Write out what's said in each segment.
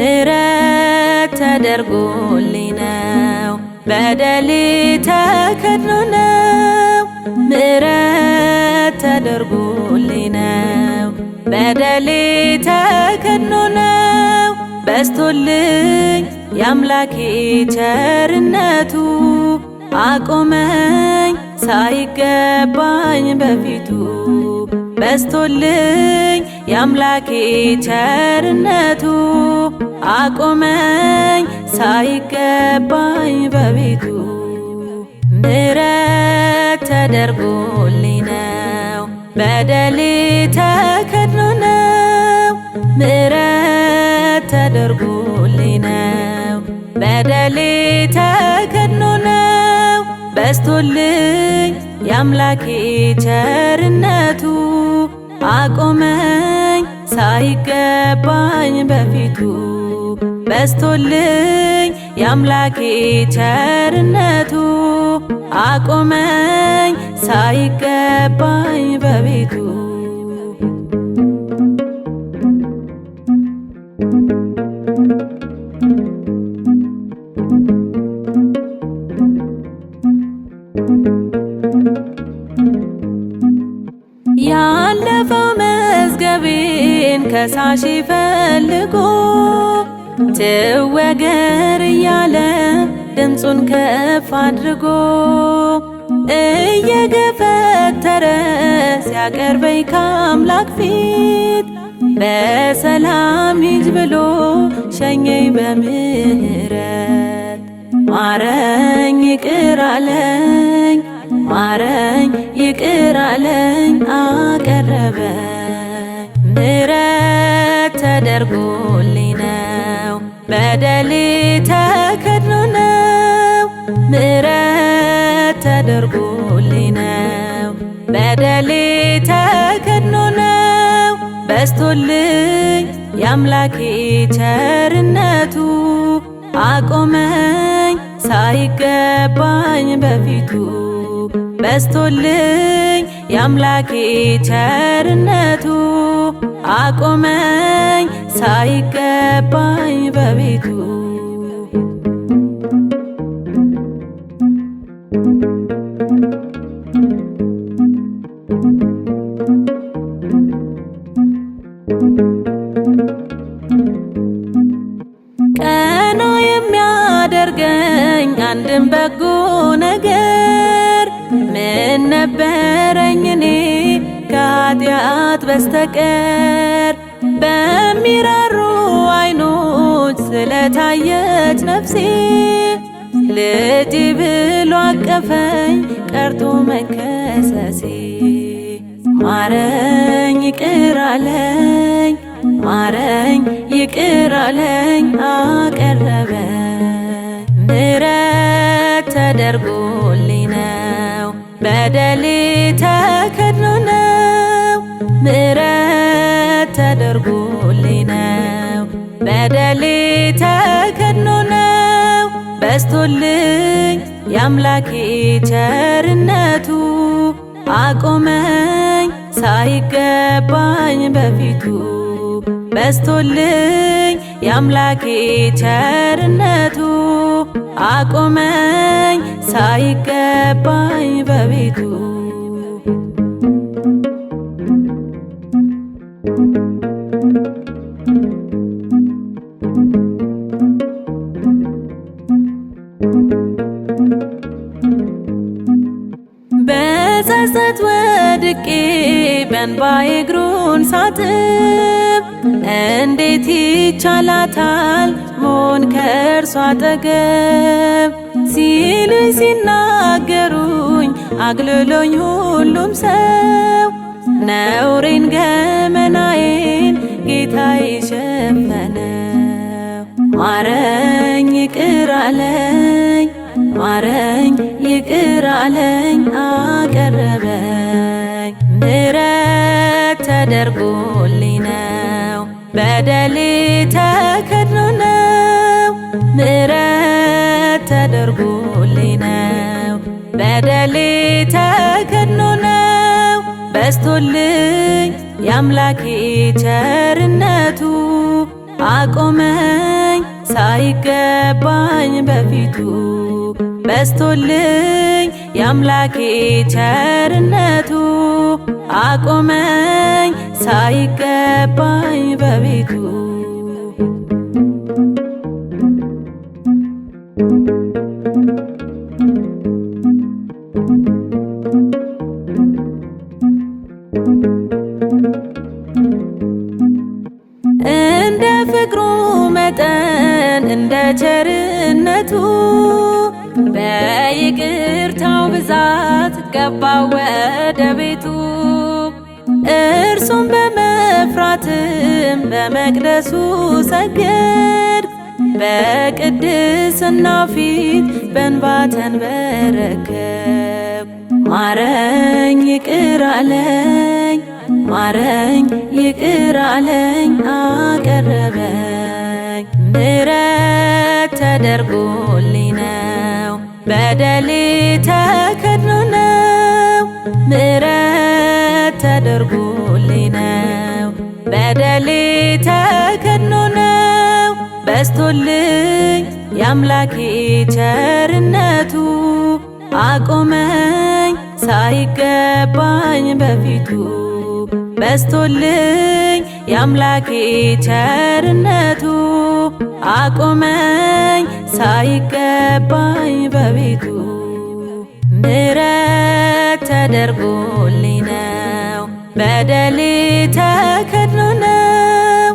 ምሕረት ተደርጎልኝ ነው በደሌ ተከድኖ ነው ምሕረት ተደርጎልኝ ነው በደሌ ተከድኖ ነው በስቶልኝ የአምላኬ ቸርነቱ አቆመኝ ሳይገባኝ በፊቱ በስቶልኝ የአምላኬ ቸርነቱ አቆመኝ ሳይገባኝ በቤቱ ምሕረት ተደርጎልኝ ነው በደሌ ተከድኖ ነው ምሕረት ተደርጎልኝ ነው በደሌ ተከድኖ ነው በስቶልኝ የአምላኬ ቸርነቱ አቆመኝ ሳይገባኝ በፊቱ በስቶልኝ የአምላኬ ቸርነቱ አቆመኝ ሳይገባኝ በቤቱ ፈሳሽ ፈልጎ ትወገር እያለ ድምፁን ከፍ አድርጎ እየገፈተረ ሲያቀርበኝ ከአምላክ ፊት በሰላም ሂጅ ብሎ ሸኘኝ በምህረት ማረኝ ይቅር አለኝ ማረኝ ይቅር አለኝ አቀረበ ምሕረት ተደርጎልኝ ነው በደሌ ተከድኖ ነው ምሕረት ተደርጎልኝ ነው በደሌ ተከድኖ ነው በስቶልኝ የአምላኬ ቸርነቱ አቆመኝ ሳይገባኝ በፊቱ በስቶልኝ የአምላኬ ቸርነቱ አቆመኝ ሳይገባኝ በቤቱ ቀና የሚያደርገኝ አንድም በጎ ነገር ምን ነበረኝ እኔ ከኃጢአ በስተቀር በሚራሩ አይኖች ስለታየች ነፍሴ ልጅ ብሎ አቀፈኝ ቀርቶ መከሰሴ ማረኝ ይቅር አለኝ ማረኝ ይቅር አለኝ አቀረበ ምረት ተደርጎልኝ ነው በደሌ ተከድኖ ምሕረት ተደርጎልኝ ነው በደሌ ተከድኖ ነው በስቶልኝ የአምላኬ ቸርነቱ አቆመኝ ሳይገባኝ በፊቱ በስቶልኝ የአምላኬ ቸርነቱ አቆመኝ ሳይገባኝ በቤቱ በጸጸት ወድቄ በእንባዬ እግሩን ሳጥብ እንዴት ይቻላታል መሆን ከእርሷ አጠገብ ሲሉኝ ሲናገሩኝ አግልሎኝ ሁሉም ሰው ነውሬን ገመናዬን ጌታ ይሸፈነው። ማረኝ ይቅር አለኝ ማረኝ ይቅር አለኝ ያቀረበኝ ምሕረት ተደርጎልኝ ነው። በደሌ ተከድኖ ነው። ምሕረት ተደርጎልኝ ነው። በደሌ ተከድኖ ነው። በስቶልኝ የአምላኬ ቸርነቱ አቆመኝ ሳይገባኝ በፊቱ በስቶልኝ የአምላኬ ቸርነቱ አቆመኝ ሳይገባኝ በቤቱ እንደ ፍቅሩ መጠን እንደ ቸርነቱ በይቅርታው ብዛት ገባ ወደ ቤቱ እርሱም በመፍራትም በመቅደሱ ሰገድ በቅድስና ፊት በእንባ ተንበረከኩ። ማረኝ ይቅር አለኝ ማረኝ ይቅር አለኝ አቀረበኝ ምሕረት ተደርጎልኝ ነው በደል ተከድኖ ነው ምሕረት ተደርጎልኝ ነው በደል ተከድኖ ነው በስቶልኝ የአምላኬ ቸርነቱ አቆመኝ ሳይገባኝ በፊቱ በስቶልኝ የአምላኬ ቸርነቱ አቆመኝ ሳይገባኝ በቤቱ ምረት ተደርጎልኝ ነው በደሌ ተከድኖ ነው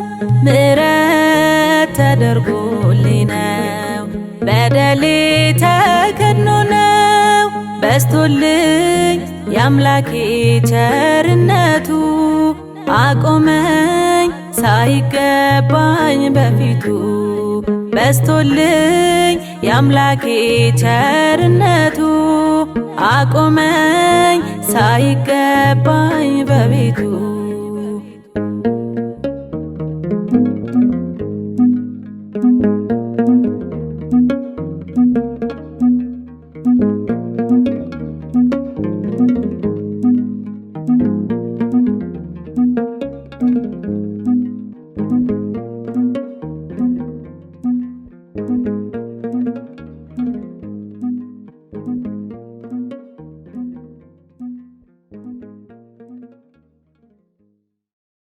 ምረት ተደርጎልኝ ነው በደሌ ተከድኖ ነው በስቶልኝ የአምላኬ ቸርነቱ አቆመኝ ሳይገባኝ በፊቱ በስቶልኝ የአምላኬ ቸርነቱ አቆመኝ ሳይገባኝ በቤቱ